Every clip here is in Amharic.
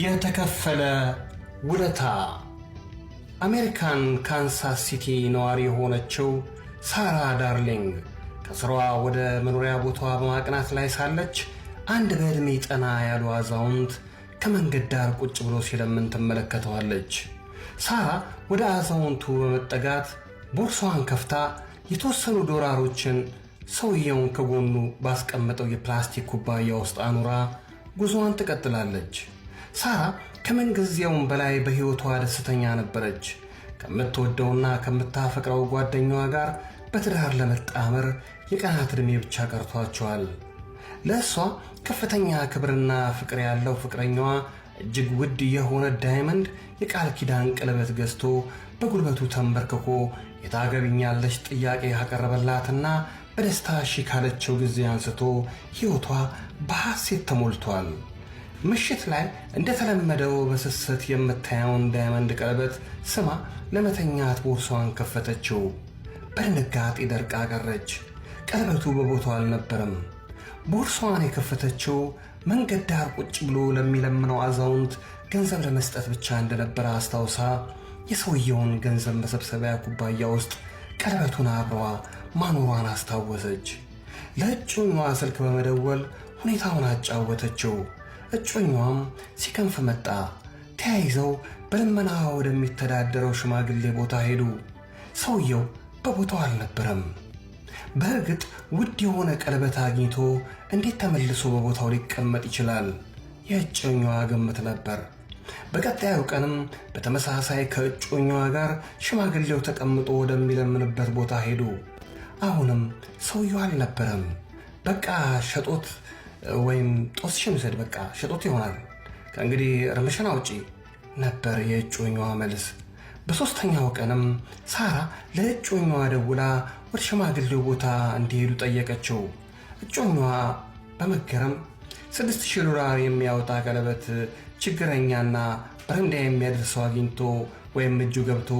የተከፈለ ውለታ አሜሪካን ካንሳስ ሲቲ ነዋሪ የሆነችው ሳራ ዳርሊንግ ከስሯ ወደ መኖሪያ ቦታዋ በማቅናት ላይ ሳለች አንድ በዕድሜ ጠና ያሉ አዛውንት ከመንገድ ዳር ቁጭ ብሎ ሲለምን ትመለከተዋለች። ሳራ ወደ አዛውንቱ በመጠጋት ቦርሷን ከፍታ የተወሰኑ ዶላሮችን ሰውየውን ከጎኑ ባስቀመጠው የፕላስቲክ ኩባያ ውስጥ አኑራ ጉዞዋን ትቀጥላለች። ሳራ ከምንጊዜውም በላይ በሕይወቷ ደስተኛ ነበረች። ከምትወደውና ከምታፈቅረው ጓደኛዋ ጋር በትዳር ለመጣመር የቀናት ዕድሜ ብቻ ቀርቷቸዋል። ለእሷ ከፍተኛ ክብርና ፍቅር ያለው ፍቅረኛዋ እጅግ ውድ የሆነ ዳይመንድ የቃል ኪዳን ቀለበት ገዝቶ በጉልበቱ ተንበርክኮ የታገቢኛለች ጥያቄ ያቀረበላትና በደስታ እሺ ካለችው ጊዜ አንስቶ ሕይወቷ በሐሴት ተሞልቷል። ምሽት ላይ እንደተለመደው በስስት የምታየውን ዳያመንድ ቀለበት ስማ ለመተኛት ቦርሷን ከፈተችው። በድንጋጤ ደርቃ ቀረች። ቀለበቱ በቦታው አልነበረም። ቦርሷን የከፈተችው መንገድ ዳር ቁጭ ብሎ ለሚለምነው አዛውንት ገንዘብ ለመስጠት ብቻ እንደነበረ አስታውሳ የሰውየውን ገንዘብ መሰብሰቢያ ኩባያ ውስጥ ቀለበቱን አብረዋ ማኖሯን አስታወሰች። ለእጩኛዋ ስልክ በመደወል ሁኔታውን አጫወተችው። እጮኛዋም ሲከንፍ መጣ። ተያይዘው በልመና ወደሚተዳደረው ሽማግሌ ቦታ ሄዱ። ሰውየው በቦታው አልነበረም። በእርግጥ ውድ የሆነ ቀለበት አግኝቶ እንዴት ተመልሶ በቦታው ሊቀመጥ ይችላል? የእጮኛዋ ግምት ነበር። በቀጣዩ ቀንም በተመሳሳይ ከእጮኛዋ ጋር ሽማግሌው ተቀምጦ ወደሚለምንበት ቦታ ሄዱ። አሁንም ሰውየው አልነበረም። በቃ ሸጦት ወይም ጦስሽን ውሰድ፣ በቃ ሸጦት ይሆናል ከእንግዲህ እርምሽን አውጪ ነበር የእጮኛዋ መልስ። በሦስተኛው ቀንም ሳራ ለእጮኛዋ ደውላ ወደ ሽማግሌው ቦታ እንዲሄዱ ጠየቀችው። እጮኛዋ በመገረም ስድስት ሺህ ዶላር የሚያወጣ ቀለበት ችግረኛና በረንዳ የሚያደርሰው አግኝቶ ወይም እጁ ገብቶ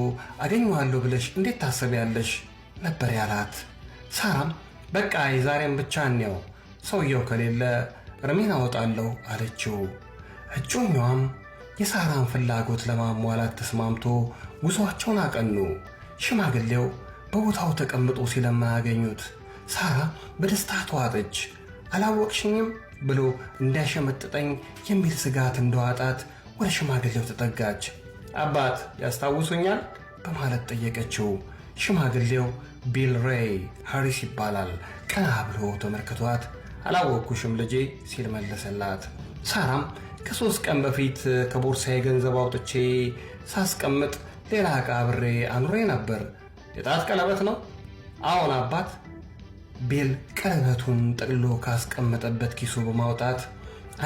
አገኘዋለሁ ብለሽ እንዴት ያለሽ ነበር ያላት። ሳራም በቃ የዛሬም ብቻ እንየው ሰውየው ከሌለ ረሜን አወጣለሁ አለችው። እጮኛዋም የሳራን ፍላጎት ለማሟላት ተስማምቶ ጉዞአቸውን አቀኑ። ሽማግሌው በቦታው ተቀምጦ ሲለማ ያገኙት። ሳራ በደስታ ተዋጠች። አላወቅሽኝም ብሎ እንዳይሸመጥጠኝ የሚል ስጋት እንደዋጣት ወደ ሽማግሌው ተጠጋች። አባት ያስታውሱኛል? በማለት ጠየቀችው። ሽማግሌው ቢል ሬይ ሃሪስ ይባላል። ቀና ብሎ ተመልክቷት አላወኩሽም ልጄ ሲል መለሰላት። ሳራም ከሶስት ቀን በፊት ከቦርሳዬ ገንዘብ አውጥቼ ሳስቀምጥ ሌላ ዕቃ አብሬ አኑሬ ነበር። የጣት ቀለበት ነው? አዎን አባት። ቤል ቀለበቱን ጠቅሎ ካስቀመጠበት ኪሱ በማውጣት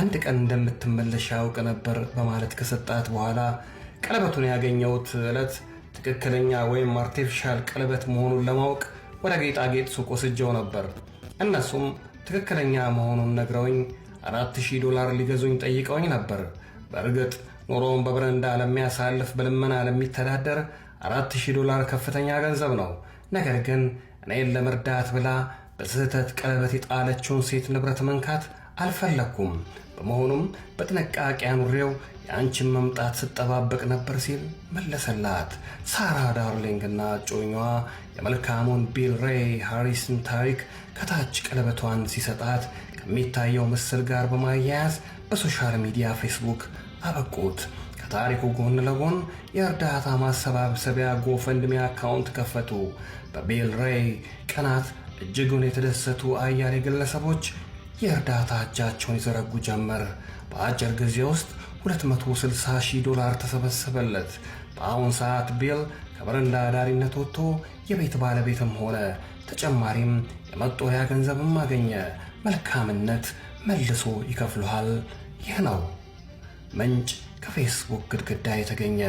አንድ ቀን እንደምትመለሽ ያውቅ ነበር በማለት ከሰጣት በኋላ ቀለበቱን ያገኘሁት ዕለት ትክክለኛ ወይም አርቲፊሻል ቀለበት መሆኑን ለማወቅ ወደ ጌጣጌጥ ሱቅ ወስጄው ነበር። እነሱም ትክክለኛ መሆኑን ነግረውኝ አራት ሺህ ዶላር ሊገዙኝ ጠይቀውኝ ነበር። በእርግጥ ኑሮውን በብረንዳ ለሚያሳልፍ በልመና ለሚተዳደር አራት ሺህ ዶላር ከፍተኛ ገንዘብ ነው። ነገር ግን እኔን ለመርዳት ብላ በስህተት ቀለበት የጣለችውን ሴት ንብረት መንካት አልፈለግኩም። በመሆኑም በጥንቃቄ አኑሬው የአንቺን መምጣት ስጠባበቅ ነበር ሲል መለሰላት። ሳራ ዳርሊንግና ጮኛዋ የመልካሙን ቢል ሬይ ሃሪስን ታሪክ ከታች ቀለበቷን ሲሰጣት ከሚታየው ምስል ጋር በማያያዝ በሶሻል ሚዲያ ፌስቡክ አበቁት። ከታሪኩ ጎን ለጎን የእርዳታ ማሰባሰቢያ ጎፈንድሜ አካውንት ከፈቱ። በቢል ሬይ ቀናት እጅጉን የተደሰቱ አያሌ ግለሰቦች የእርዳታ እጃቸውን ይዘረጉ ጀመር። በአጭር ጊዜ ውስጥ 260 ሺህ ዶላር ተሰበሰበለት። በአሁን ሰዓት ቢል ከበረንዳ ዳሪነት ወጥቶ የቤት ባለቤትም ሆነ። ተጨማሪም የመጦሪያ ገንዘብም አገኘ። መልካምነት መልሶ ይከፍልሃል። ይህ ነው ምንጭ ከፌስቡክ ግድግዳ የተገኘ